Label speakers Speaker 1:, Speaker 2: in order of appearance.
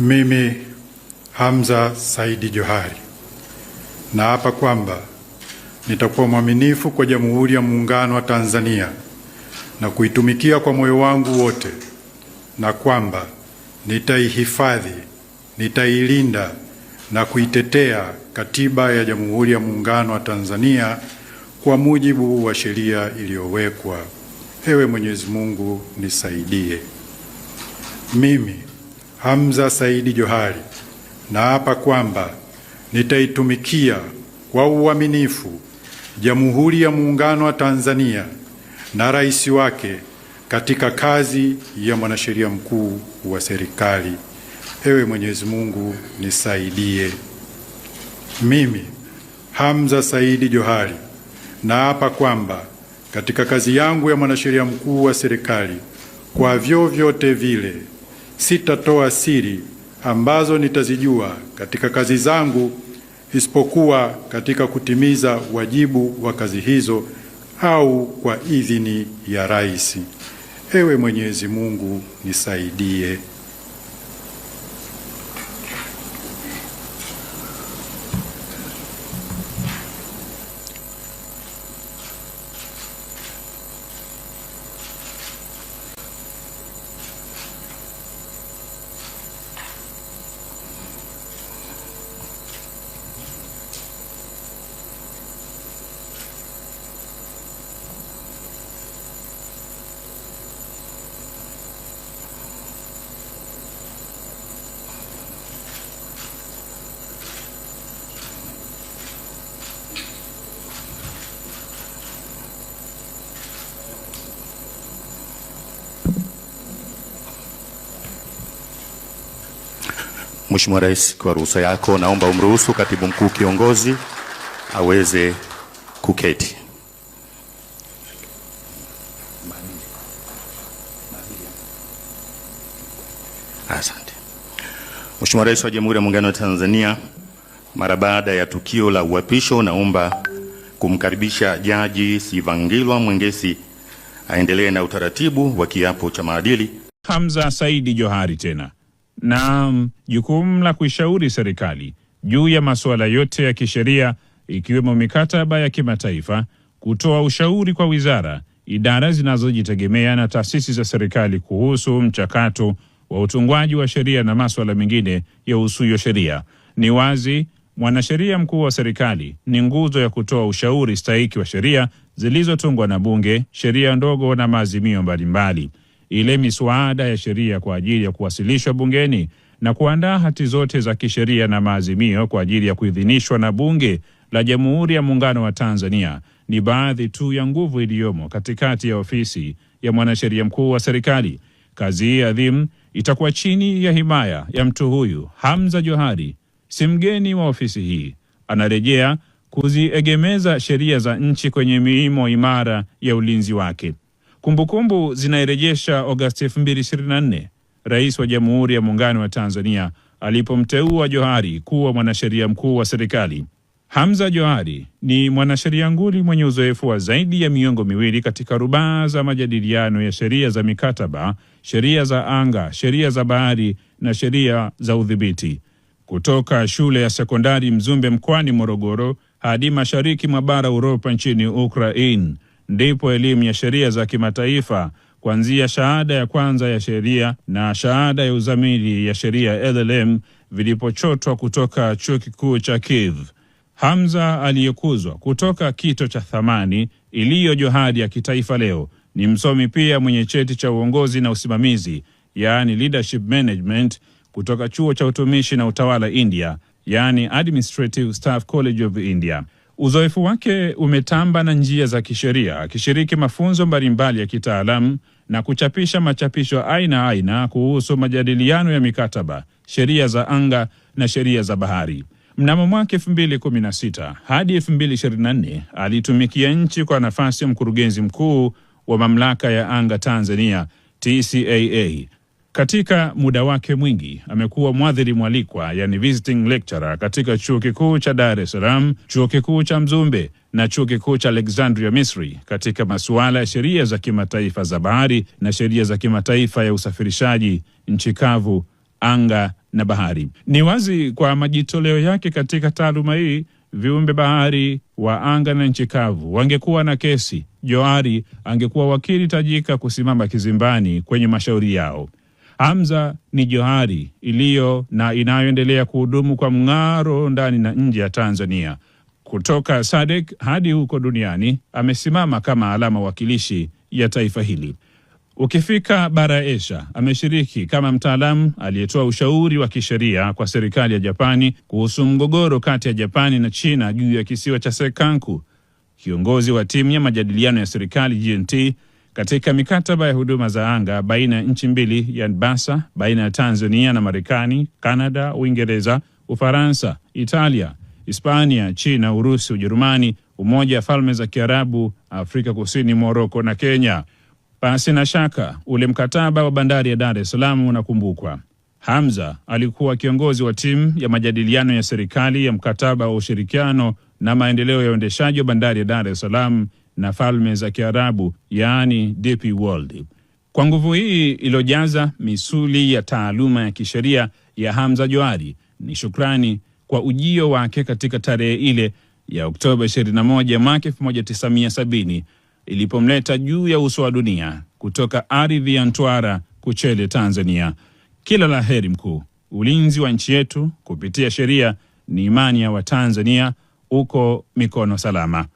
Speaker 1: Mimi Hamza Saidi Johari naapa kwamba nitakuwa mwaminifu kwa Jamhuri ya Muungano wa Tanzania na kuitumikia kwa moyo wangu wote, na kwamba nitaihifadhi, nitailinda na kuitetea Katiba ya Jamhuri ya Muungano wa Tanzania kwa mujibu wa sheria iliyowekwa. Ewe Mwenyezi Mungu nisaidie. Mimi Hamza Saidi Johari, naapa kwamba nitaitumikia kwa uaminifu Jamhuri ya Muungano wa Tanzania na rais wake katika kazi ya mwanasheria mkuu wa serikali. Ewe Mwenyezi Mungu nisaidie. Mimi Hamza Saidi Johari naapa kwamba katika kazi yangu ya mwanasheria mkuu wa serikali kwa vyovyote vile sitatoa siri ambazo nitazijua katika kazi zangu, isipokuwa katika kutimiza wajibu wa kazi hizo au kwa idhini ya rais. Ewe Mwenyezi Mungu nisaidie.
Speaker 2: Mheshimiwa Rais, kwa ruhusa yako naomba umruhusu Katibu Mkuu Kiongozi aweze kuketi. Asante. Mheshimiwa Rais wa Jamhuri ya Muungano wa Tanzania, mara baada ya tukio la uapisho, naomba kumkaribisha Jaji Sivangilwa Mwengesi aendelee na utaratibu wa kiapo cha maadili.
Speaker 3: Hamza Saidi Johari tena na jukumu la kuishauri serikali juu ya masuala yote ya kisheria ikiwemo mikataba ya kimataifa, kutoa ushauri kwa wizara, idara zinazojitegemea na taasisi za serikali kuhusu mchakato wa utungwaji wa sheria na maswala mengine ya usuyo sheria. Ni wazi mwanasheria mkuu wa serikali ni nguzo ya kutoa ushauri stahiki wa sheria zilizotungwa na Bunge, sheria ndogo na maazimio mbalimbali ile miswada ya sheria kwa ajili ya kuwasilishwa bungeni na kuandaa hati zote za kisheria na maazimio kwa ajili ya kuidhinishwa na Bunge la Jamhuri ya Muungano wa Tanzania ni baadhi tu ya nguvu iliyomo katikati ya ofisi ya mwanasheria mkuu wa serikali. Kazi hii adhimu itakuwa chini ya himaya ya mtu huyu. Hamza Johari si mgeni wa ofisi hii, anarejea kuziegemeza sheria za nchi kwenye miimo imara ya ulinzi wake. Kumbukumbu zinairejesha Agosti 2024 rais wa Jamhuri ya Muungano wa Tanzania alipomteua Johari kuwa mwanasheria mkuu wa serikali. Hamza Johari ni mwanasheria nguli mwenye uzoefu wa zaidi ya miongo miwili katika rubaa za majadiliano ya sheria za mikataba, sheria za anga, sheria za bahari na sheria za udhibiti. Kutoka shule ya sekondari Mzumbe mkoani Morogoro hadi mashariki mwa bara Uropa nchini Ukraine ndipo elimu ya sheria za kimataifa kuanzia shahada ya kwanza ya sheria na shahada ya uzamili ya sheria LLM vilipochotwa kutoka chuo kikuu cha Kiev. Hamza aliyekuzwa kutoka kito cha thamani iliyo johadi ya kitaifa leo ni msomi pia mwenye cheti cha uongozi na usimamizi, yaani leadership management, kutoka chuo cha utumishi na utawala India, yaani Administrative Staff College of India. Uzoefu wake umetamba na njia za kisheria, akishiriki mafunzo mbalimbali ya kitaalamu na kuchapisha machapisho aina aina kuhusu majadiliano ya mikataba, sheria za anga na sheria za bahari. Mnamo mwaka sita hadi nne alitumikia nchi kwa nafasi ya mkurugenzi mkuu wa mamlaka ya anga Tanzania TCAA katika muda wake mwingi amekuwa mwadhiri mwalikwa, yani visiting lecturer, katika chuo kikuu cha Dar es Salaam, chuo kikuu cha Mzumbe na chuo kikuu cha Alexandria, Misri, katika masuala ya sheria za kimataifa za bahari na sheria za kimataifa ya usafirishaji nchi kavu, anga na bahari. Ni wazi kwa majitoleo yake katika taaluma hii viumbe bahari wa anga na nchi kavu wangekuwa na kesi, Johari angekuwa wakili tajika kusimama kizimbani kwenye mashauri yao. Hamza ni johari iliyo na inayoendelea kuhudumu kwa mng'aro ndani na nje ya Tanzania. Kutoka Sadek hadi huko duniani, amesimama kama alama wakilishi ya taifa hili. Ukifika bara ya Asia, ameshiriki kama mtaalamu aliyetoa ushauri wa kisheria kwa serikali ya Japani kuhusu mgogoro kati ya Japani na China juu ya kisiwa cha Senkaku. Kiongozi wa timu ya majadiliano ya serikali GNT katika mikataba ya huduma za anga baina ya nchi mbili ya BASA baina ya Tanzania na Marekani, Kanada, Uingereza, Ufaransa, Italia, Hispania, China, Urusi, Ujerumani, Umoja wa Falme za Kiarabu, Afrika Kusini, Moroko na Kenya. Pasi na shaka ule mkataba wa bandari ya Dar es Salaam unakumbukwa. Hamza alikuwa kiongozi wa timu ya majadiliano ya serikali ya mkataba wa ushirikiano na maendeleo ya uendeshaji wa bandari ya Dar es Salaam na falme za Kiarabu, yaani DP World. Kwa nguvu hii iliyojaza misuli ya taaluma ya kisheria ya Hamza joari ni shukrani kwa ujio wake katika tarehe ile ya Oktoba 21 mwaka 1970 ilipomleta juu ya uso wa dunia kutoka ardhi ya ntwara Kuchele, Tanzania. Kila la heri mkuu. Ulinzi wa nchi yetu kupitia sheria ni imani ya Watanzania, uko mikono salama.